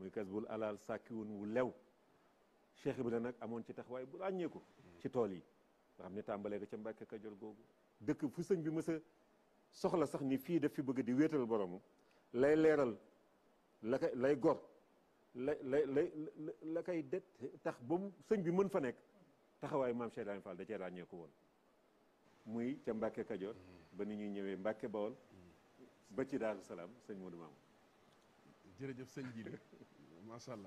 muy kas bul alal wu lew Cheikh Ibra nag amoon ci taxawaay bu ràññeeku ci tool yi xam ne tàmbalee ko ca Mbàkke Kajoor googu dëkk fu sëñ bi mës soxla sax ni fii daf fi bëgg di wéetal boromu lay leeral la lay gor la lay kay det tax ba mu sëñ bi mën fa nekk taxawaayu maam Cheikh da cee ràññeeku woon muy ca Mbàkke Kajoor ba ni ñuy ñëwee Mbàkke Bawol ba ci Daaru Salaam sëñ Modou Mamoun jërëjëf sëñ Jili macha am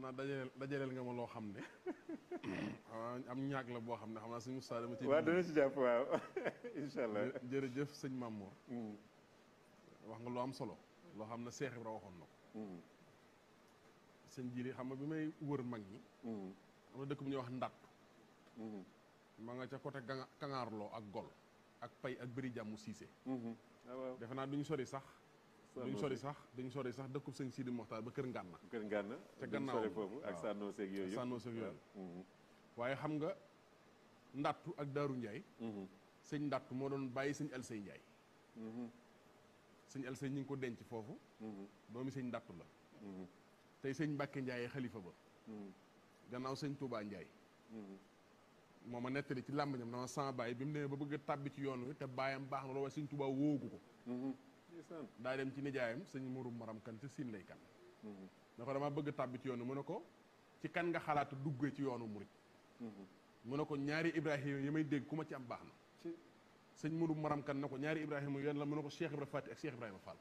na dajale dajale nga ma lo xamne am ñaag la bo xamne xamna seigne Moustapha dama ci. wa dana ci japp waaw inshallah allah. jeuf seigne Mamour. Mm. wax nga lo am solo. lo xamne cheikh Ibra waxon na seigne mm. sëñ Jili xam nga bi may wër mag ni mm. am na dekk bu ñu wax Ndattu. Mm-hmm. ma nga ca côté lo ak Gol. ak Pay ak bari jamu Siise. Mm-hmm. Ah, defe duñu sori sax. duñ sori sax duñ sori sax dëkku sëñ Sidi Moxtaar ba kër Ngànna kër Ngànna ca gannaaw foofu ak sànnoo seeg yooyu sànnoo seeg yooyu mhm. waaye xam nga ndàttu ak daaru Ndiaye mhm. sëñ ndàttu moo doon bàyyi sëñ Elsey Ndiaye mhm. sëñ Elsey ñu ngi ko denc foofu doomi sëñ ndàttu la tey sëñ Mbàkke Ndiaye xalifa ba gannaaw sëñ Touba Ndiaye moo ma nettali ci làmbañam dama sama bàyyi bi mu demee ba bëgg tàbbi ci yoon te bàyyam baax na loolu waaye sëñ Touba wóogu ko da dem ci nijaayam sëñ murum maram kan ci sin lay kan mhm. na ko dama bëgg tabbi ci yoonu mu ko ci kan nga xalaatu duggee ci yoonu murid mhm. mu ko ñaari ibrahim yamay dégg ci am baxna na murum maram kan nako ñaari ibrahim yoon la mu ko cheikh ibrahim fatih ak cheikh ibrahim fall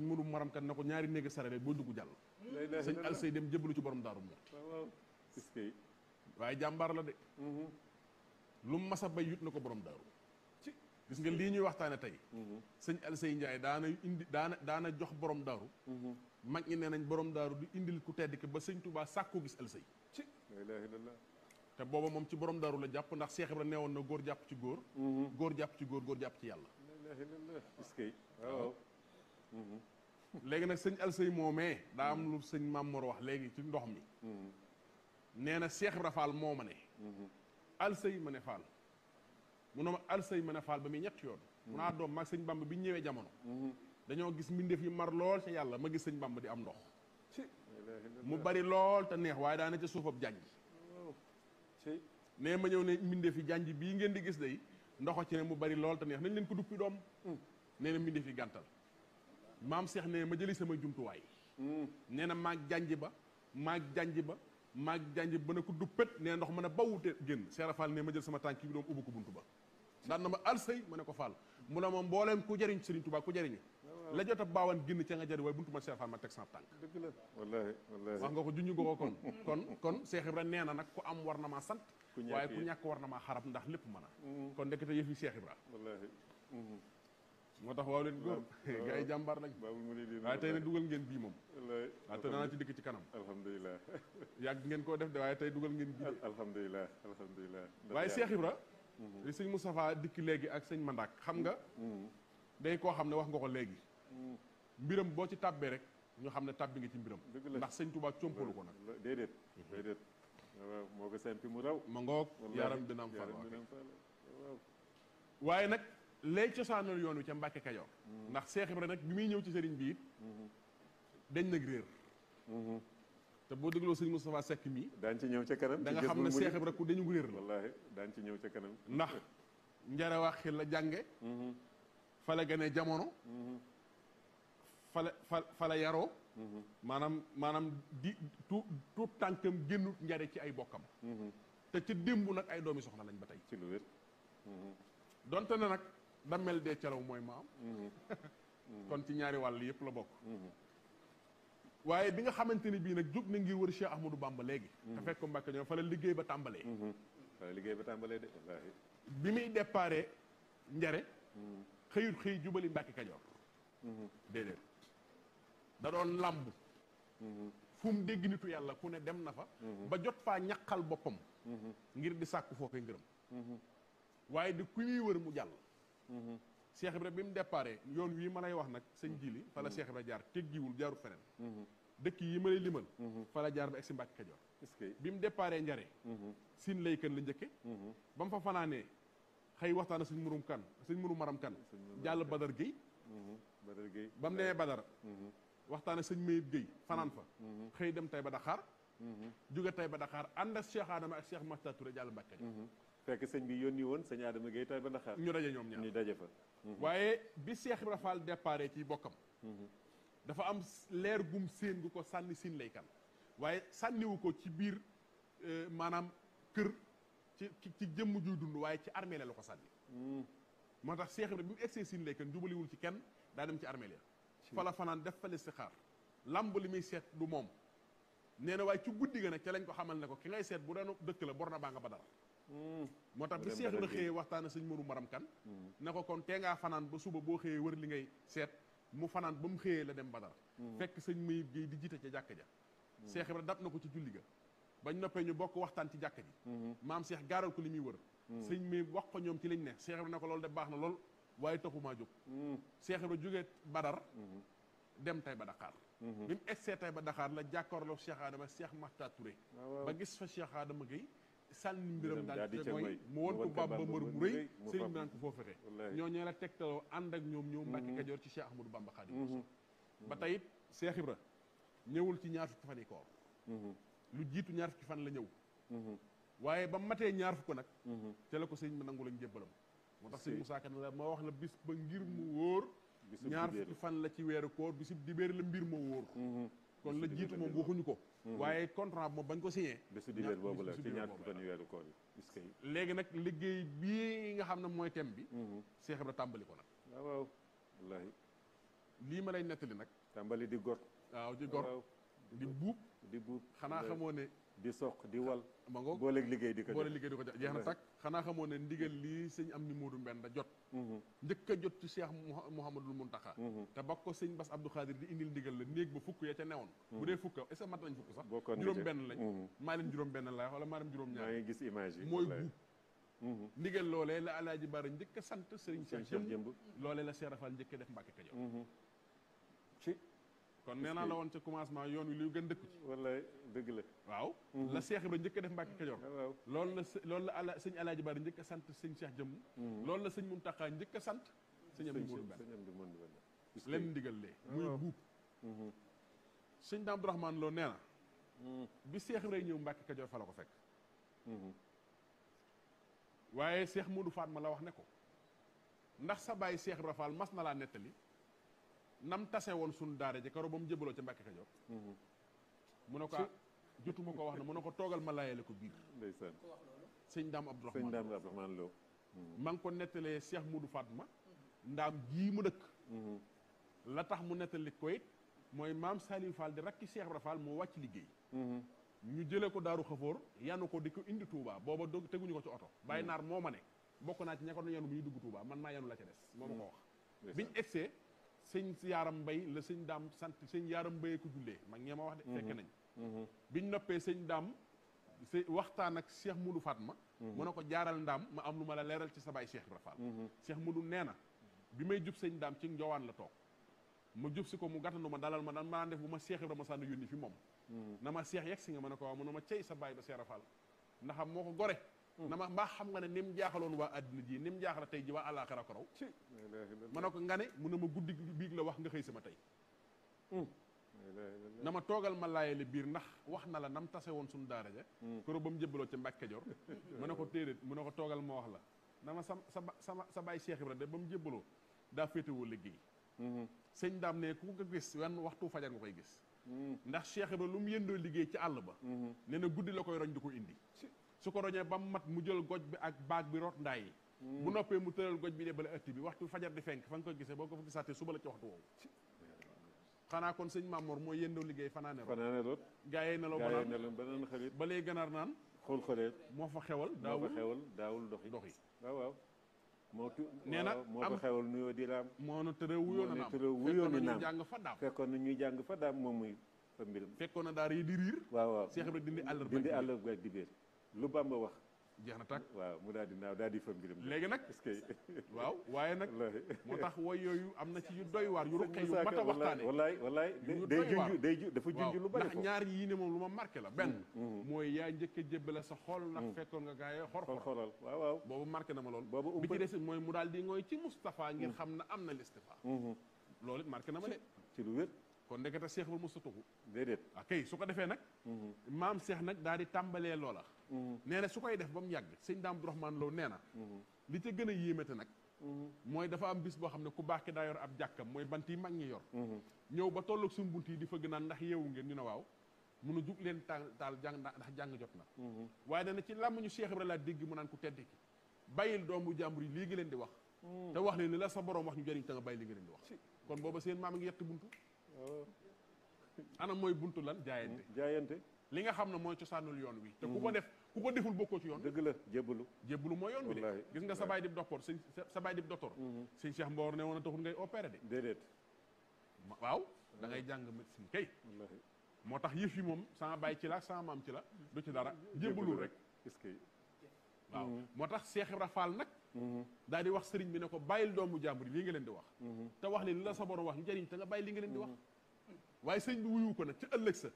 murum maram kan nako ñaari néegi sarale bo dugg jàll sëñ alsey dem jëbbalu ci borom daru mu est jambar la de mhm. lu masa bay yut borom daru gis nga lii ñuy waxtaane tey mhm. sëñ Alsey Ndiaye daana indi daana daana jox borom daaru mhm. mag ñi nee nañ borom daaru di indil ku tedd ki ba sëñ Touba sàkku gis Alsey ci te booba moom ci borom daaru la jàpp ndax Cheikh nee woon na góor jàpp ci góor mhm. góor jàpp ci góor góor jàpp ci yàlla léegi nag sëñ Alsey moomee daa am lu sëñ Mamor wax léegi ci ndox mi nee na Cheikh Ibra Fall moo ma ne Alsey ma ne Fall mu ne ma alsay mën a faal ba muy ñetti yoon mu mm-hmm. a doom maag sëñ bamb bi ñëwee jamono mm-hmm. dañoo gis mbindeef yi mar lool ca yàlla ma gis sëñ bamb di am ndox mu bari lool te neex waaye daana ca suufab jànj oh. nee ma ñëw ne mbindeef yi jànj bii ngeen di gis day ndoxo ci mu bari lool te nañ leen ko duppi doom mm. nee na mbindeef yi gàntal maam seex ne ma jëli sama jumtuwaay mm. nee na maag jànj ba maag jànj ba maag jànj ba na ko duppét nee ndox mën a bawute génn seerafal ne ma jël sama tànk bi doom ubbi ko bunt ba dan na ma sey ma ne ko Fall mu ne ma mbooleem ku jëriñ Serigne Touba ku jëriñu la jotta bawan baawan ci nga jari way buntu ma Cheikh Fall ma teg sama tànk la wallahi wallahi wax nga ko junj ko kon kon kon Cheikh ibrahim nee nak ku am warna ma sant waye ku ñak warna ma xarab ndax lepp mëna mm-hmm. kon kon te yëfi Cheikh ibrahim wallahi mm-hmm. moo tax waaw leen gay jambar yi jàmbaar lañ waaye tay na duggal ngeen bi mom wallahi atana danaa ci dik ci kanam alhamdullilah yag ngeen ko def de waaye tey ngeen bi alhamdullilah alhamdullilah waaye Cheikh ibrahim li sëñ Moustapha dikk léegi ak sëñ Mandak xam nga day koo xam ne wax nga ko léegi mbiram boo ci tàbbee rek ñu xam ne tàbbi nga ci mbiram ndax sëñ Touba compalu ko nag déedéet déedéet moo ko senti mu raw ma ngoog yaram dina am fa waaye nag lay cosaanal yoon wi ca Mbàkke Kajoor mm-hmm. ndax Seex Ibra nag bi muy ñëw ci sëriñ bi it mm-hmm. dañ nag réer mm-hmm. te boo dégloo sëñ Moustapha sekk mii. daañu ci ñëw ca kanam da nga xam ne Seex Ibra ku dañu réer la. wallaahi daañu ci ñëw ca kanam. ndax njarawax xil la jànge mm-hmm. fa la gane jamono. Mm-hmm. fa la fa yaroo. Mm-hmm. maanaam maanaam di tu tu tànkam génnut njare ci ay bokkam. te ca démb nag ay doomi soxna lañ ba tey. ci lu wér. donte ne nag dammel dee calaw mooy maam. kon ci ñaari wàll yëpp la bokk. waaye bi nga xamante ni bii nag jóg na ngir wër Cheikh Ahmadou Bamba léegi. Mhm. te fekk ko Mbàkke ñoom liggéey ba tàmbalee. Mhm. liggéey ba tàmbalee bi muy déparé njare mhm. xëyut xëy jubali Mbàkke déedéet da doon làmb. fu mu yàlla ku ne dem na fa. ba jot faa ñaqal boppam. ngir di sàkku foofe ngërëm. waaye di ku ñuy wër mu jàll. Cheikh rek bi mu déparé yoon wii ma lay wax nag sëñ jili fa la Cheikh Ibra jaar teggiwul jaarul feneen mhm. dëkk yi ma lay limal mhm. fa la jaar ba egsi Mbàkke Kajoor bi mu déparé njare mhm. siin lay kën la njëkke ba mu fa fanaanee xëy waxtaan ak sëñ kan sëñ murum maram kan jàll Badar Guèye Badar Guèye ba mu demee Badar waxtaan ak sëñ Mayib fanaan fa xëy dem tay ba Dakar jóge tay ba Dakar ànd ak Cheikh Adama ak Cheikh Makhtar Touré jàll Mbàkke Kajoor fekk sëñ bi yónni woon sëñ Adama Gueye tay ba Ndaxaar ñu daje ñoom ñaar ñu daje fa mhm. waaye bi Cheikh Ibra Fall déparé ci bokkam mhm. dafa am leer gum séen gu ko sànni siin lay kan waaye sànniwu ko ci biir euh, maanaam kër ci ci jëmm juy dund waaye ci armée la ko sànni mhm. moo tax Cheikh Ibra bi mu egsee siin lay kan jubaliwul ci kenn daa dem ci armée la fa fanaan def fa listixaar lamb li muy seet du moom nee na waaye ci guddi ga nag ca ko xamal ne ko ki ngay seet bu doon dëkk la bor na baa ba dara Hmm. moo tax bi seex la xëyee waxtaan sëñ Mourou Maram kan na ko kon tee ngaa fanaan ba suba boo xëyee wër li ngay seet mu fanaan ba mu la dem Badar hmm. fekk sëñ Mayib Guèye di jiite ca jàkk ja Seex Ibra dab na ko ci julli ga bañ noppee ñu bokk waxtaan ci jàkk ji maam Seex gaaral ko li muy wër sëñ Mayib wax ko ñoom ci liñ ne Seex Ibra na ko de baax na lool waaye taxumaa jóg Ibra jógee Badar dem tay ba Dakar bi mu egsee tay ba Dakar la jàkkaarloo Cheikh Adama Cheikh Makhtar Touré ah, ba gis fa Cheikh Adama Guèye sànni mbiram daal di mooy mu won ko bam ba mbër mu rëy bi naan ko foo ñoo ñoo la tegtaloo ak ñoom ñëw Mbàkke mm-hmm. Kajoor ci Cheikh Ahmadou Bamba Xaadimu mm-hmm. ba tey Cheikh Ibra ñëwul ci ñaar fukki fan yi mm-hmm. lu jiitu ñaar fukki fan la ñëw waaye ba matee ñaar fukk nag ca bi Moussa la wax la bis ba ngir mu ñaar fukki fan la ci bisib la mbir kon la waxuñu ko Mm-hmm. waaye contrat moom bañ ko signé. bésu dibéer boobu la ci ñaar fukki fan weeru koor yi. léegi nag liggéey bii nga xam ne mooy thème bi. Mm-hmm. Cheikh na tàmbali ko nag. Ah, waaw waaw wallaahi. lii ma lay nettali nag. tàmbali di gor. waaw di gor ah, di buub. di buub xanaa xamoo ne. di sok di wal. ma ngoog boole liggéey di ko boole liggéey di ko jox jeex na tàkk xanaa ndigal li seigne amni ni Moodu Mbenda jot. Mm-hmm. njëkk a jot ci Cheikh Mouhamadul Muntaxa. Mm-hmm. te bako seigne Bass Abdou Khadir di indil ndigal la neeg ba fukk ya ca newon mm-hmm. bu dee fukk est-ce mat lañ fukk sax. bokkoon ben lañ. maa leen juróom benn laay wala maa leen juróom ñaar. ngay gis image moy bu guub. ndigal lolé la alaaji bar njëkk sante seigne Cheikh Jëmb lolé la Cheikh Rafal njëkk a def Mbàkke Kajoor kon nee la woon ca commencement yoon wi luy gën dëkku ci wallaay dëgg la waaw mhm. la Cheikh Ibra njëkk def Mbàkke Kajoor loolu la loolu la ala sëñ Alaaji Bara njëkk sant sëñ Cheikh jëmm mhm. loolu la sëñ Muntaxa njëkk a sant sëñ Amdi Moodu Mbàkke leen ndigal lee oh. muy buub mhm. sëñ Daam Abdourahmane Lo nee na bi Cheikh Ibra ñëw Mbàkke Kajoor fala ko fekk waaye Cheikh Moodu ma la wax ne ko ndax sa bàyyi Cheikh Ibra Fall mas na laa nettali nam tase woon sunu daara ji karo ba mu jëbaloo ca Mbàkke Kajoor mhm. mu ne ko jotuma ko wax na mu ne ko toogal ma laayale ko biir ndeysaan sëñ daam Abdourahmane sëñ daam Abdourahmane Lo ma mhm. ngi ko nettalee Cheikh Moudou Fatma ndaam gi mu dëkk mhm. la tax mu nettali ko it mooy maam Saliou Fall di rakki Cheikh Ibra Fall moo wàcc liggéey ñu jëlee ko daaru xafoor yanu ko di ko indi Touba booba dog teguñu ko ci oto Baye Naar moo ma ne bokk naa ci ña ko doon yanu bu ñuy dugg Touba man maa yanu la ca des moo ma wax sëñ si yaaram mbay la sëñ daam sant sëñ yaaram mbayee ko jullee mag ñee ma wax de fekk mhm. nañ mhm. biñ noppee sëñ daam si waxtaan ak Cheikh Moudou Fatma mhm. mu ne ko jaaral ndaam ma am lu ma la leeral ci sa baay Cheikh Ibra Fall Cheikh Moudou nee na bi may jub sëñ daam ci njowaan la toog ma jub si ko mu gàttandu ma dalal ma daan ma def bu ma Cheikh Ibra ma sànni yónni fi moom na ma Cheikh yegg si nga ma ne ko waaw mu ne ma cey sa baay ba Cheikh Ibra Fall ndaxam moo ko gore Mm. na ma mbaa xam nga ne ni mu jaaxaloon waa àddina ji ni mu jaaxal tey ji waa àllaaxira ko raw ma ne ko nga ne mu ne ma guddi biig la wax nga xëy sama tey mm. na ma toogal ma laayale biir ndax wax na la nam tase woon suñu daara ja mm. koro ba mu jëbaloo ca Mbàkke Kajoor mu ne ko téeréet mu ne ko toogal ma wax la na sam sa sa sama sa baay Cheikh Ibra de ba mu jëbaloo daa féetewoo liggéey mm-hmm. sëñ daam ne ku ko gis wan waxtu fajar nga koy gis ndax Cheikh Ibra lu mu yëndoo liggéey ci àll ba mm-hmm. nee na guddi la koy roñ di ko indi su ko roñe bam mat mu jël goj bi ak baag bi rot nday mm. bu noppé mu tëral goj bi ne debale ëtt bi waxtu fajar di fenk fa nga ko gisee boko fa gisaatee suba la ci waxtu wo xana kon sëñ Mamour moy yendo liggéey fanaane root fanaane root gaayé na lo ba naan xalit ba lay ganaar naan xool xoleet mo fa xewal dawul xewal dawul doxi doxi waaw waaw mo tu neena mo fa xewal nuyo di raam mo na tërë wuyo na nam tërë wuyo na nam jang fa dam fekkon na ñuy jang fa dam mo muy fa mbiram fekkoon na daari di rir waaw waaw cheikh ibrahim dindi àllarba dindi àllarba di biir lu baam Bamba wax. jeex na tàkk waaw mu daal di naaw daal di bi mbiram. léegi nag est que waaw waaye nag. moo tax wooy yooyu am na ci yu doy waar yu ruqe yu mat a waxtaane wallaay wallaay day junj day ju dafa junj lu bari. ndax ñaar yii ne moom lu ma marqué la benn. Mm, mm, mm. mooy yaa njëkk a jébbale sa xol. ndax fekkoon nga gaa yee xor xolal waaw waaw. boobu marqué na ma lool. boobu bi ci des mooy mu daal di ngooy ci Moustapha ngir xam na am na listifa. Mm-hmm. loolu it marqué na ma de. ci lu wér. kon ndekete seex ba mos a tugg. déedéet. ok su ko defee nag. Mm-hmm. maam seex nag daal di tàmbalee loola Mm-hmm. Nena suka su koy def bam yag seigne dame daam Abdourahmane Lo nee mm-hmm. li ci gëna a nak mm-hmm. moy dafa am bis bo xam ku baaki da yor ab jakam moy banti mag ñi yor ñew ba tolloog suñu bunti di fa gëna ndax yewu ngeen ñu ne waaw munu juk leen tal jang ndax jang jotna na dana ci ñu Cheikh Ibra laa dégg mu nan ku tedd ki bayil doomu jàmbur li gi leen di wax te wax leen la sa borom wax ñu jëriñ ta nga bayil li gi leen di wax kon booba seen mam ngi yett buntu oh. ana moy buntu lan jaayante jaayante li nga xamne moy ciosanul yoon wi te ku ko def ku ko deful bokkoo ci yoon dëgg la jébbalu jébbalu mooy yoon bi de gis nga sa baay dib docteur sëñ sa baay dib docteur mm-hmm. sëñ Cheikh Mboor ne woon a taxul ngay opéré de déedéet waaw da ngay jàng médecine kay moo tax yëf yi moom sama bàyyi ci la sama maam ci la du ci dara jébbalul rek est waaw mm-hmm. moo tax Cheikh Ibra Fall nag mm-hmm. daal di wax sëriñ bi ne ko bàyyil doomu jàmbur yi lii nga leen di wax te wax leen li la sa borom wax njëriñ te nga bàyyi li nga leen di wax waaye sëñ bi wuyu ko nag ci ëllëg sa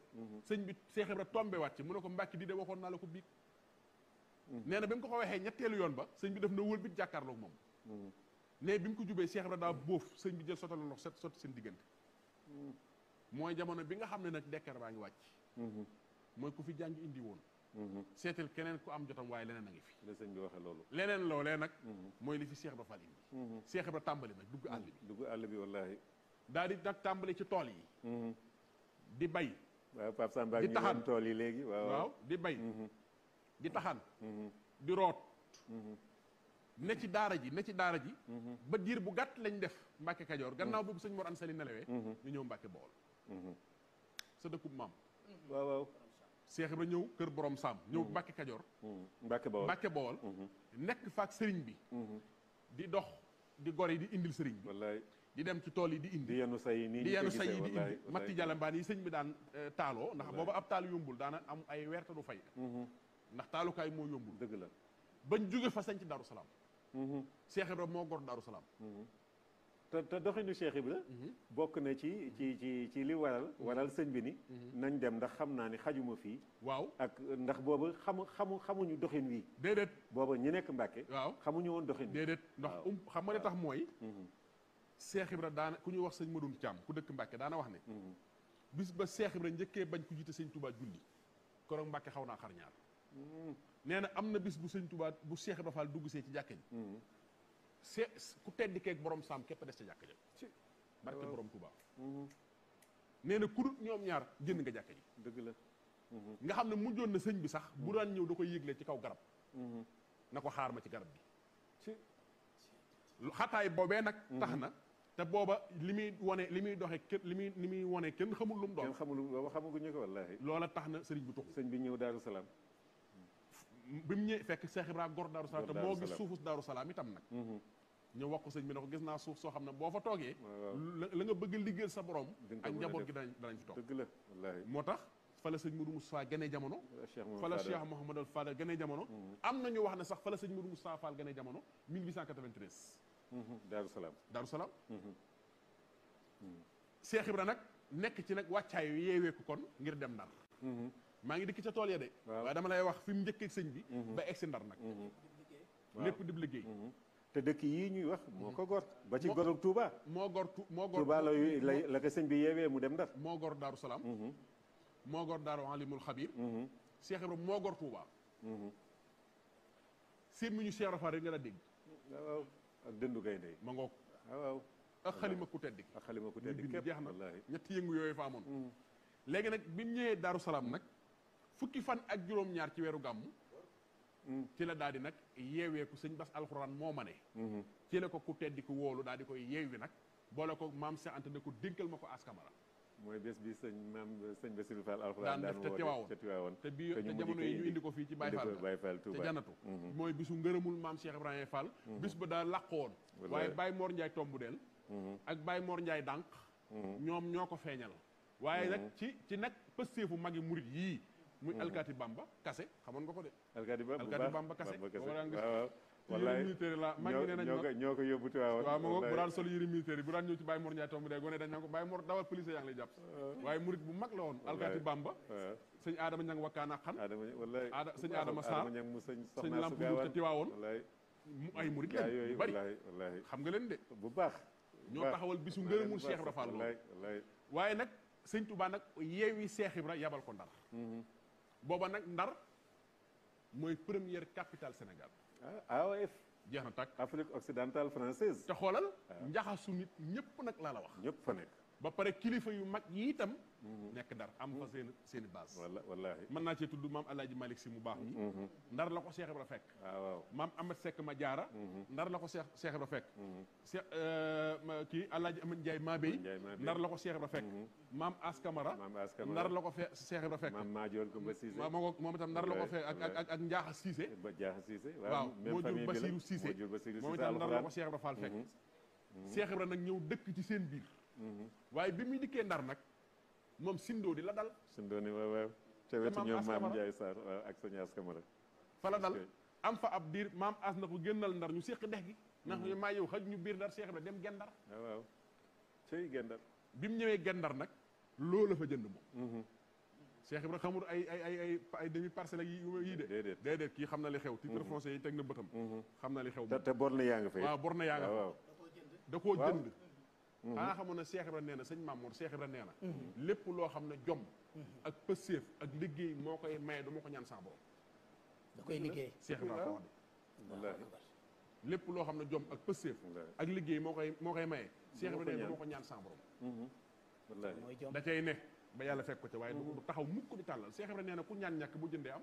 sëñ bi Cheikh Ibra tombe ci mu ne ko mbàkki di de waxoon naa la ko biig nee bim ko ko waxee ñetteelu yoon ba señ bi def na wul wëlbit jakarlo mom ne bim ko jubé Cheikh Ibra daa señ bi jël sotal nok set sot seen diggante moy jamono bi nga xamné nak nag dekkeer baa ngi wàcc ku fi jang indi won setel kenen ku am jotam way leneen nga fi le señ bi waxe lolu leneen lolé nak mhm. moy li fi Cheikh ba Fall indi mhm. Cheikh ba tambali nak dugg àll bi dugg àll bi wallahi daal di nag tàmbali ci tol yi mhm. di bay waaw pap Samba di tol yi léegi waaw waaw di bay di taxan di rot ne ci daara ji ne ci daara ji ba dir bu gàtt lañ def mbacke kadior gannaaw bu señ mor an nelewé ñu ñew mbacke bol sa dekkum mam waaw waaw Cheikh Ibra ñew keur borom faak señ bi di dox di gori di indil señ bi wallahi di dem ci tol yi di indi di yenu say ni di yenu say di indi matti jalambaan yi sëñ bi daan eh, talo ndax bobu ab taal yumbul daana am ay weerte du fay ndax taalukaay moo yombul. dëgg la bañ jóge fa sañ ci Daaru Salaam. Mm-hmm. Cheikh Ibra moo gor Daaru mm-hmm. te te doxinu Cheikh Ibra mm-hmm. bokk na ci ci ci ci li waral. waral sëñ bi ni. nañ dem ndax xam naa ni xajuma fii. waaw ak ndax boobu xamu xamu xamuñu doxin wi. déedéet booba ñu nekk Mbàkke. waaw xamuñu woon doxin wi. déedéet ndax um, xam nga li tax mooy. Cheikh Ibra daana ku ñuy wax sëñ Madoum caam ku dëkk Mbàkke daana wax ne. bis ba Cheikh Ibra njëkkee bañ ku jiite sëñ Touba julli. koroog Mbàkke xaw naa xar nee na am na bis bu sëñ Tuubaa bu Cheikh Ibra Fall dugg see ci jàkka ji. se ku tedd keeg borom saam képp des ca jàkka ja. barke borom mm-hmm. nee na ku ñoom ñaar génn nga jàkka ji. dëgg la. Mm-hmm. nga xam ne mujjoon na sëñ bi sax bu daan ñëw da koy yëgle ci kaw garab. Mm-hmm. na ko xaar ma ci garab bi. xataay boobee nag. tax na te booba li muy wane li muy doxe kenn li muy li muy wane kenn xamul lu mu doon. kenn lu mu doon xamaguñu loola tax na sëriñ bu tuxu. sëñ bi ñëw Daaru Salaam. bi mu ñëwee fekk Cheikh Ibrahima gor Daru Salaam te moo gis suufu Daru Salaam itam nag ñu wax ko sëñ bi ne ko gis naa suuf soo xam ne boo fa toogee la nga bëgg liggéeyal sa borom ak njaboot gi danañ fi toog dëgg la wallaahi moo tax fa la sëñ Mourou Moustapha gane jamono fa la Cheikh Mouhamadou Fall gane jamono am na ñu wax ne sax fa la sëñ Mourou Moustapha Fall gane jamono 1893 Daru Salaam Daru Salaam Cheikh Ibrahima nag nekk ci nag wàccaay ko kon ngir dem Ndar maa ngi dikk ca tol ya de wa dama lay wax fim mu njëkkee sëñ bi mhm. ba ex ndar nak mhm. lepp dib liggey mhm. te dekk yi ñuy wax moko gor ba ci gor Touba mo gor mo gor Touba la la ko señ bi yewé mu dem ndar mo gor daru salam mo gor daru Alimul khabir Cheikh ibrahim mo gor Touba seen ñu Cheikh rafa rek nga daa waaw ak dëndu ndey ma ngok waaw ak khalima ku teddi ak khalima ku teddi kep wallahi ñet yëngu fa amoon léegi nag bi mu ñëwee Daaru fukki fan ak juroom ñaar ci wéru gàmm hmm. ci la daal di nag yeeweeku sëñ bas alxuraan moo ma ne hmm. ci la ko ku teddi ku wóolu daal di koy yeewi nag boole ko maam Cheikh ante ne ko dénkal ma ko askamara mooy bés bi sëñ maam sëñ Bassirou Fall alxuraan daan woote ca Tiwaawoon te bi te jamono yi ñu indi ko fii ci Baye Fall Baye Fall Touba te janatu hmm. mooy bisu ngërëmul maam Cheikh Ibrahima Fall bis ba daa laqoon waaye Baye Mor Ndiaye del ak Baye Mor Ndiaye Dànq ñoom ñoo ko feeñal waaye nag ci ci nag pësteefu magi murit yii muy alkati bamba kasse xamone nga ko de alkati bamba kase boobu daan gis wallaay militaire la mag ne nañ ñoo ñoo ko yóbbu tuwaawoon waaw ma mo bu dal solo yiri militaire bu dal ñëw ci Baye mourou ñay tombe de gone dañ ko Baye mourou dawal police yaa ngi lay japp waye mourid bu mag la won alkati bamba ah. sëñ Adama Ñang wakkaana xan wallaay Ada sëñ Adama sa adama ñang mu Sarr sëñ Lamp Diouf ci Tiwaawoon mu ay mourid la ya, bari xam nga len de bu baax ñoo taxawal bisu ngërëmul Cheikh rafal wallahi wallahi waye nak sëñ Touba nak yewi Cheikh Ibra yabal ko ndar mhm. booba nag ndar mooy première capital Sénégal. ah jeex na tàkk Afrique occidentale française. te xoolal ah. njaxasu nit ñëpp nag laa la wax. ñëpp fa nekk. ba pare kilifa yu mag yi itam. Mhm. nekk ndar am fa seeni seen i base. mën naa cee tudd maam El Hadj si mu baax mi. Mhm. ndar la ko Cheikh Ibra fekk. Ah, waaw maam Amath Seck ma jaara mhm. ndar la ko Cheikh Cheikh Ibra fekk. Cheikh euh, kii El Hadj Amadou Ndiaye Mabey. ndar la ko Cheikh la ko fee Cheikh Ibra maam Madior Kumba Cissé. waaw moom itam ndar la ko fee ak ak ak Ndiakha Cissé. ba Ndiakha Cissé waaw même famille bi la waaw moo jur Basirou Cissé. moo jur Basirou Cissé moom itam ndar la ko Cheikh Ibra Fall fekk. Cheikh Ibra nag ñëw dëkk ci seen biir waaye bi muy dikkee ndar nag moom sindoo di la dal. sindoo ni waaw waaw ca maam ak sëñ As Camara dal am fa ab diir maam As na ko génnal ndar ñu séq dex gi. ndax ñu mhm. yow xaj ñu biir ndar Cheikh Ibra dem gendar ah, waaw waaw cay gendar bi mu ñëwee gendar nag loola fa jënd moom. Cheikh mhm. Ibra xamul ay ay ay ay ay demi parcelle yi yii de. déedéet déedéet kii xam na li xew. Mhm. titre foncier yi teg na bëtam. xam na li xew te te borne yaa nga fay. waaw borne yaa nga fa ah, da koo jënd. xanaa mm-hmm. ah, xamoon na Cheikh Ibra nee na sëñ Mamour Cheikh Ibra nee mm-hmm. lépp loo xam ne jom mm-hmm. ak pëseef ak liggéey moo koy maye du ma ko ñaan sax borom koy liggéey Cheikh Ibra ko loo xam ne jom ak pëseef ak liggéey moo koy moo koy maye Cheikh Ibra ko ñaan sax borom wallaahi da cay ne ba yàlla fekk ko ca waaye du taxaw mukk di tàllal Cheikh Ibra nee na ku ñaan ñàkk bu jëndee am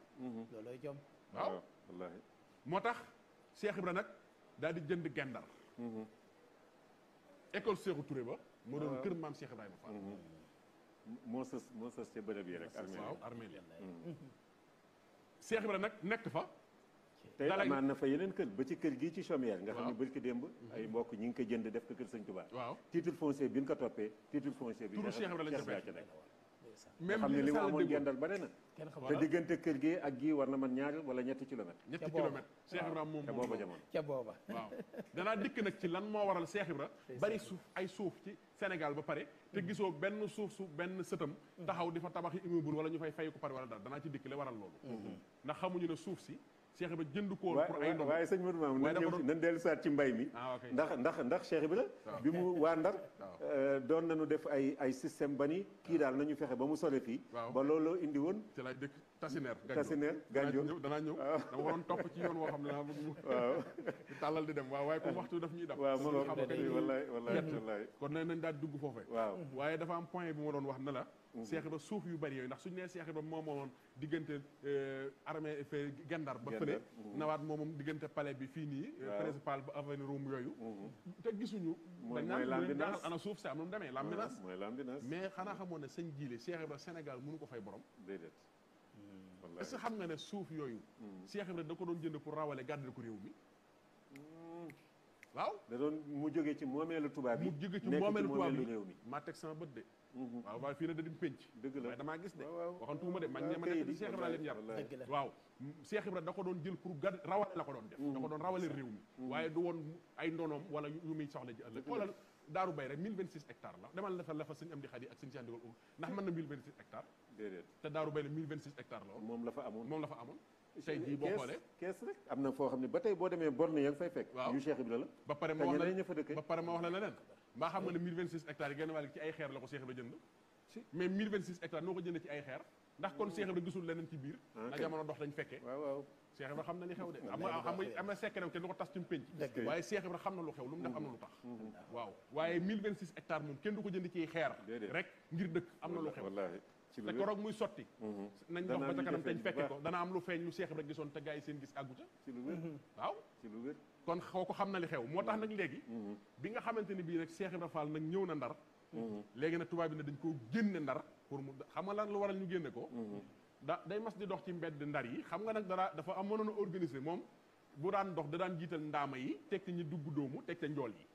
loolooy jom waaw moo tax Cheikh Ibra nag daal di jënd gendar école Sékou Touré ba. moo doon ah. kër maam Cheikh Ibrahima Fall. Mm-hmm. moo sës moo sës ca bërëb yi rek. armée waaw armée li mm-hmm. Cheikh Ibrahima nag nekk fa. tey amaan na fa yeneen kër ba ci kër gii ci chaumière nga xam ne bërki démb mm-hmm. ay mbokk ñi ngi ko jënd def ko kër Sëñ Tuubaa waaw titre foncier bi ñu ko toppee titre foncier bi turu Cheikh Ibrahima lañ ca nekk même xam ne li mu amoon gendal bare na te diggante kër gi ak gii war na man ñaari wala ñetti kilomètre ñetti kilomètre Cheikh Ibra moom ca booba jamono ca booba waaw danaa dikk nag ci lan moo waral Cheikh Ibra bari suuf ay suuf ci Sénégal ba pare te mm-hmm. gisoo benn suuf su benn sëtam mm-hmm. taxaw di fa tabaxi immeuble wala ñu fay fay ko pare wala dara danaa ci dikk le waral loolu mm-hmm. ndax xamuñu na suuf si Cheikh Ibra jënd ko woon waaye sëñ Modou Mamoun nañ ñëw ci mbay mi ah, ndax ndax ndax Cheikh Ibra bi mu waa Ndar euh, doon nañu def ay ay système ba ni kii daal nañu fexe ba mu sole fii ba looloo indi woon ci laaj dëkk tasinaire tasinaire gànjo danaa ñëw ah. dama waroon topp ci yoon woo xam ne naa bëgg waaw tàllal di dem waaw waaye comme waxtu daf ñuy dab waaw ma wallaay wallaay wallaay kon nañ daal dugg foofee waaw waaye dafa am point bi ma doon wax na la Cheikh mm-hmm. ba suuf yu bari yooyu ndax suñu nee Cheikh euh, ba mm-hmm. moom moomoon diggante armée fee Gendar ba fële nawaat moomoom diggante pale bi fii nii principal ba avenue Roume yooyu mm-hmm. te gisuñu dañ naan ñu ana suuf si am na mu demee Lambinaas mais xanaa xamoon ne sañ jiile Cheikh ba Sénégal mënu ko fay borom déedéet est-ce que xam nga ne suuf yooyu Cheikh Ibra da ko doon jënd pour rawale gàddal ko réew mi waaw da doon mu jóge ci moomeelu tubaab yi mu jóge ci moomeelu tubaab yi réew mi maa teg sama bët de mhm. waaw fii na da di pénc dëgg la waaye damaa gis de waxantuma de man ñe ah, ma nekk di Cheikh ko doon jël pour gad rawale la ko doon def da ko doon rawale réew mi mhm. soxla ji daaru bay rek 1026 hectares la demal la na 1026 hectares déedéet te moom la fa amoon moom la fa amoon tey jii boo xoolee kees rek ne ba tey boo demee borne yaa ngi fay fekk yu Cheikh Ibra la la ba pare ma wax la leneen mbaa xam nga ne 1026 hectares yi genn wàll ci ko Cheikh Ibra jënd mais waaye Cheikh Ibra xam na lu xew lu mu def am na lu tax mm-hmm. waaw waaye 1026 hectares moom kenn du ko jënd ci xeer rek ngir dëkk am na lu xew te koroog muy sotti mhm. nañ dox ba ca kanam teñ fekke ko dana am lu feeñ lu seex rek gisoon te gars yi seen gis àggu ca ci lu wér mhm. waaw ci lu wér xam na li xew moo tax nag léegi mhm. bi nga xamante ni bii nag Seex Ibra Faal ñëw na ndar léegi nag tubaab bi ne dañ koo génne ndar pour mu xam nga lan lu waral ñu génne ko da day mas di dox ci mbedd ndar yi xam nga nag dara dafa am mënoon a organiser moom bu daan ndox da daan jiital ndaama yi teg te ñu dugg doomu teg te njool yi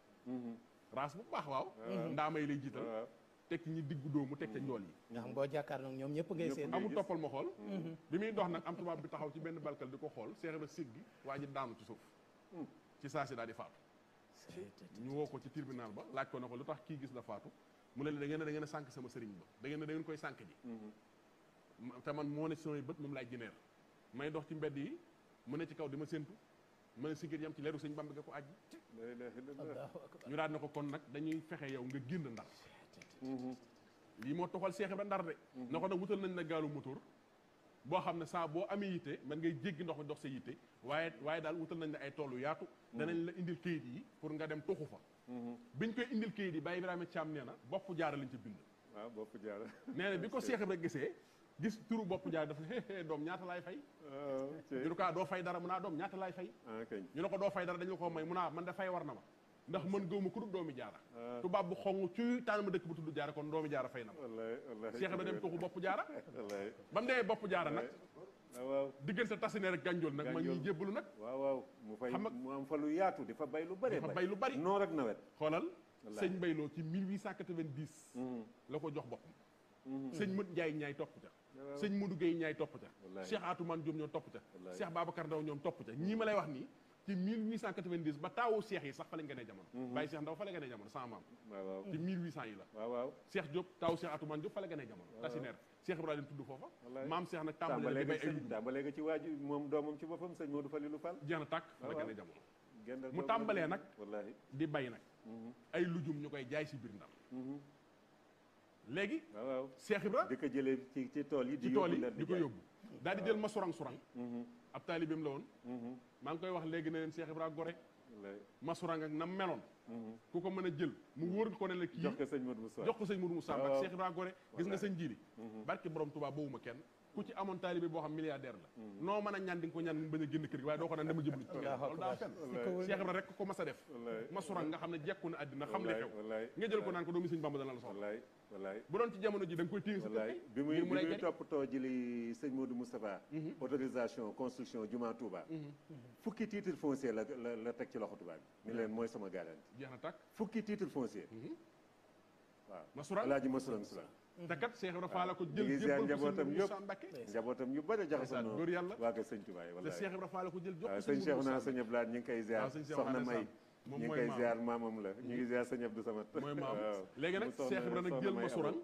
raas bu baax waaw ndaama yi lay jiital teg ñi diggu doomu teg ca mm-hmm. njool yi nga xam boo jàkkaarloo ñoom ñëpp ngay seen amul toppal ma xool mm-hmm. bi muy dox nag am tubaab bi taxaw ci benn balkal di ko xool ba siggi waa daanu ci suuf mm. ci saa si daal di faatu ñu woo ko ci tribunal ba laaj ko na ko lu tax kii gis la faatu mu ne la da ngeen da ngeen sànq sama sëriñ ba da ngeen da ngeen koy sànq ji mm-hmm. te man moo ne si samay bët moom laay may dox ci mbedd yi mu ne ci kaw di ma séntu ma ne sigir yam ci leeru sëñ bambi nga ko ajji ñu daal na ko kon nag dañuy fexe yow nga génn ndar lii moo toxal Cheikh Ibrahima Ndar de mhm. na ko wutal nañ la gaalu motoor boo xam ne saa boo amee yitte man ngay jéggi ndox mi dox sa yitte waaye waaye daal wutal nañ la ay toolu yaatu mhm. danañ la indil kayit yi pour nga dem tuxu fa mhm. biñ koy indil kayit yi Baye Ibrahima Thiam nee na bopp jaara lañ ci bind waaw bopp jaara nee na bi ko Cheikh Ibrahima gisee gis turu bopp jaar daf ne doom ñaata laay fay ñu ne ko doo fay dara mun naa doom ñaata laay fay ah, ñu ne ko doo fay dara dañu la ko mun naa man da fay war na ndax man gëwuma ku dul doomi jaara ah. tubaab bu xong ci tànn ma dëkk bu tuddu jaara kon doomi jaara fay na cheikh ba dem ko bop jaara bam mu bop jaara nak ah, waaw diggante tasine rek ganjol nak ma ñi jébbalu nak waaw waaw mu fay mu am fa lu yaatu difa bay lu bari bay lu bari noor rek nawet xolal sëñ baylo ci 1890 mm-hmm. la ko jox bop mm-hmm. sëñ mët ndjay ñay top ca ah, sëñ mudu gey ñay top ca cheikh atou man diom ñoo top ca cheikh babakar ndaw ñoom top ca ñi ma lay wax ni ci 1890 ba taw cheikh yi sax fa lañ gënee jamono mhm. bay cheikh ndaw fa la gënee jamono sama mam ci 1800 yi la waaw waaw cheikh Diop taawu seex Atumaan Diop fa la gënee jamono tasineer cheikh ibrahim tuddu fofa mam cheikh nak tàmbalee bay ay tàmbalee nga ci waaju moom doomam ci boppam sëñ Modou Falilou Fall jeena tak fa la gënee jamono mu tàmbalee nak wallahi di bay nak mhm. ay lujum ñu koy jaay si biir ndar mhm. léegi waaw cheikh ibrahim di ko jëlee ci ci tool yi ci tool di ko yóbbu daal di jël ma surang surang ab taalibeem la woon mm-hmm. maa ngi koy wax léegi ne leen Cheikh Ibra Gore masurang ak nam meloon mm-hmm. ku ko mën a jël mu wóor ko ne la kii jox ko sëñ Modou Moussa jox ko sëñ Modou Moussa ah, Cheikh Ibra Gore gis nga sëñ Jili mm-hmm. barki borom Touba ma kenn ku ci amoon taalibe boo xam milliardaire la mm-hmm. noo mën a ñaan di nga ko ñaan bañ a génn kër gi waaye doo ko naan dama jëblu ci kenn loolu daa fen Cheikh rek ko mas a def masuran nga xam ne jekku na àddina xam li ko naan ko doomi la soxla wallaay bu doon ci jamono ji da nga koy téye sa bi muy bi muy toppatoo ji li sëñ Modou Moustapha mm-hmm. autorisation construction jumaa mm-hmm. la la la teg ci loxo Touba bi leen mooy sama garanti jeex na tàkk fukki titre foncier waaw masuran alaaji masuran te kat Cheikh ko jël jëbbal njabootam yëpp Mbacke njabootam yu bëri jaxasoo noonu góor yàlla waa ko sëñ Tuubaa wallaahi Cheikh la ko jël jox waaw sëñ Cheikh naa sëñ Ablaat ñu ngi koy ziar soxna may ñu ngi koy ziar maamam la ñu ngi jël ma suran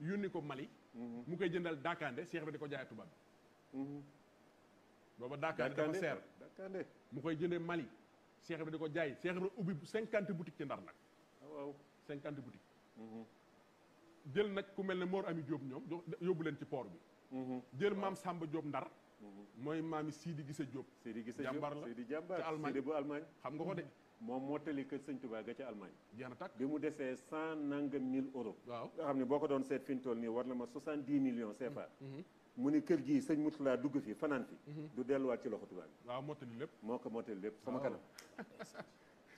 yónni ko Mali mu koy jëndal Dakande Cheikh Ibra di ko jaay tubaab bi booba Dakande dafa seer Dakande mu koy jëndee Mali Cheikh Ibra di ko jaay Cheikh Ibra ubbi cinquante boutique ci Ndar nag waaw cinquante boutique jël nag ku mel ne Mor Ami Diop ñoom yóbbu leen ci port bi. Mhm. jël maam Samba Diop ndar. Mhm. mooy maami Sidi Gise Diop. Sidi Gise Diop jàmbar la Sidi jàmbar ca Allemagne Sidi bu Allemagne. xam nga ko de. Mhm. moom moo tëli kër sëñ Touba ga ca Allemagne. jeex na takk bi mu desee cent nangam mille euros. waaw nga xam ne boo ko doon seet fi mu nii war na ma soixante dix millions CFA. mu ni kër gii sëñ Moutala dugg fi fanaan fi. du delluwaat ci loxo tubaab bi. waaw mottali lépp moo ko mottali lépp sama kanam.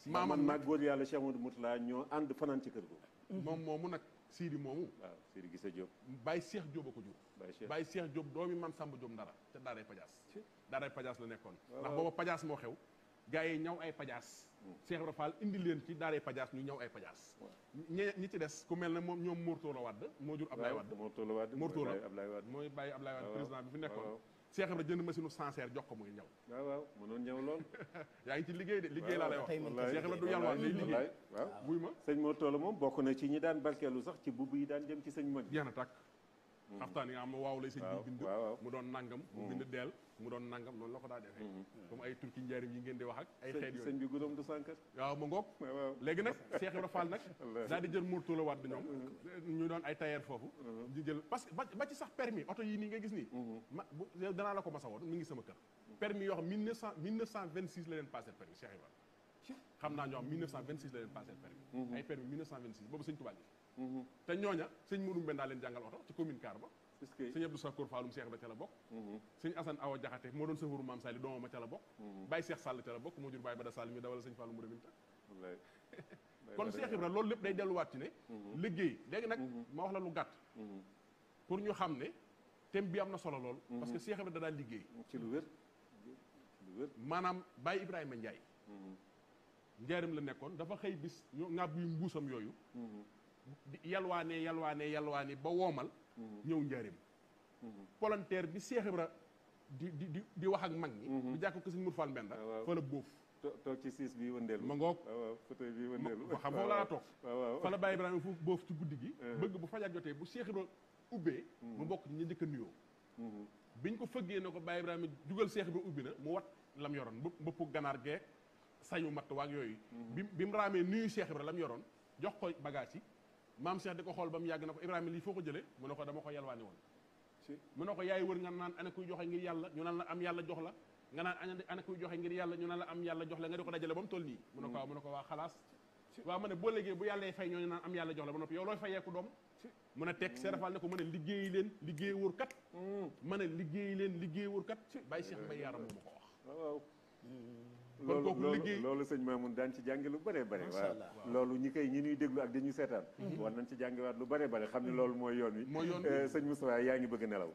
maamam nag góor yàlla Cheikh Moudou Moutala ñoo ànd fanaan ci kër googu. moom moomu nag. Sidi moomu. waaw Sidi Gisa Diop. Baye Cheikh Diop a ko jur. Baye Cheikh Diop doomi Mame Samba Diop dara te Daaray Pajaas. Daaray Pajaas la nekkoon. ndax booba Pajaas moo xew. gaa yi ñaw ay Pajaas. Mm. Cheikh Ibra Fall indi leen ci Daaray Pajaas ñu ñaw ay Pajaas. ñe ñi ci des ku mel ne moom ñoom Mourtala Wade moo jur Ablaye Wade. waaw Mourtala Wade mooy Baye Ablaye Wade président bi fi nekkoon. Cheikh Ibra jënd machine u Sancerre jox ko muy ñaw waaw waaw mënoon ñaw lool yaa ngi ci liggéey de liggéey laa lay wax Cheikh Ibra du yàlwaan day liggéey waaw buy ma sëñ moo toll moom bokk na ci ñi daan barkeelu sax ci bubb yi daan jëm ci sëñ mag jeex na tàkk xaftaan mm-hmm. yi nga xam ne waaw lay sëñ bi bind mu doon nangam mu bind mm-hmm. deel mu doon nangam noonu la ko daa defee mm-hmm. comme ay turki njaarim yi ngeen di wax ay xeet yooyu di jël murtu ba ci sax permis oto yii nii nga gis nii danaa la ko masa woon mi ngi sama kër permis yoo xam 1926 la leen passé permis Cheikh Ibra xam naa ñoo xam 1926 la leen passé permis ay permis 1926 boobu sëñ Tuubaa gi te ñooña sëñ Modou Mbène daa leen jàngal oto ci commune Kaar ba sëñ Abdou Sakour Faalum Seex ba ca la bokk mhm. sëñ Assane Awa Jaxate moo doon sëfuru Maam Sali doomam ma ca la Seex mhm. Sall ca moo jur Baye Bada Sall mi dawal sëñ Fallou Mouraminta kon Seex Ibra loolu lépp day delluwaat ci ne mhm. liggéey léegi nag ma wax la lu gàtt pour ñu xam ne thème bi am na solo lool parce que Seex Ibra da daan liggéey ci lu wér maanaam bay Ibrahima Ndiaye njaarim la nekkoon dafa xëy bis ñu ŋàbb yu mbuusam yooyu yalwaane yalwaane yalwaane ba woomal mm-hmm. ñëw njaarim mm-hmm. volontaire bi Seex Ibra di di di wax ak mag ñi mm-hmm. di jàkk ko sëñ Mur Fall Mbenda ah, fa la bóof toog ci siis bi wëndeelu ma ngoog ah, fauteuil laa toog fa la Baye Ibrahima foofu bóof ci guddi gi uh-huh. bëgg bu fajar jotee bu Seex Ibra ubbee mu bokk ñi njëkk a nuyoo biñ ko fëggee na ko Baye Ibrahima jugal Seex Ibra ubbi na mu wat lam yoroon mbëpp ganaar geek sañu matt waak yooyu bi mu raamee nuyu Seex ra lam yoroon jox ko bagage yi maam Cheikh di ko xool ba mu yàgg na ko Ibrahima lii foo ko jëlee mu ne ko dama ko yalwaani woon mu a ko yaay wër nga naan ana kuy joxe ngir yàlla ñu naan am yàlla jox la nga naan ana kuy joxe ngir yàlla ñu naan la am yàlla la nga di ko dajale ba mu toll nii mu ne ko waaw mu ne ko waa xalaas waaw ma ne boo léegi bu yàlla fay ñooñu naan am yàlla jox la ba noppi yow looy fayeeku doom mën a teg seerafal ne ko mën a liggéey leen liggéey wër kat mën hmm. a liggéey leen liggéey wër kat bàyyi Cheikh Mbaye yaaram moo kon kooku liggéey loolu sëñ Mamoun daan ci jàngi lu bëree bëri waaw loolu ñi koy ñi ñuy déglu ak ñu seetaan mhm. war nañ ci jàngiwaat lu bëree bëri xam ne loolu mooy yoon wi mooy yoon wi eh, sëñ Moustapha yaa ngi bëgg nelaw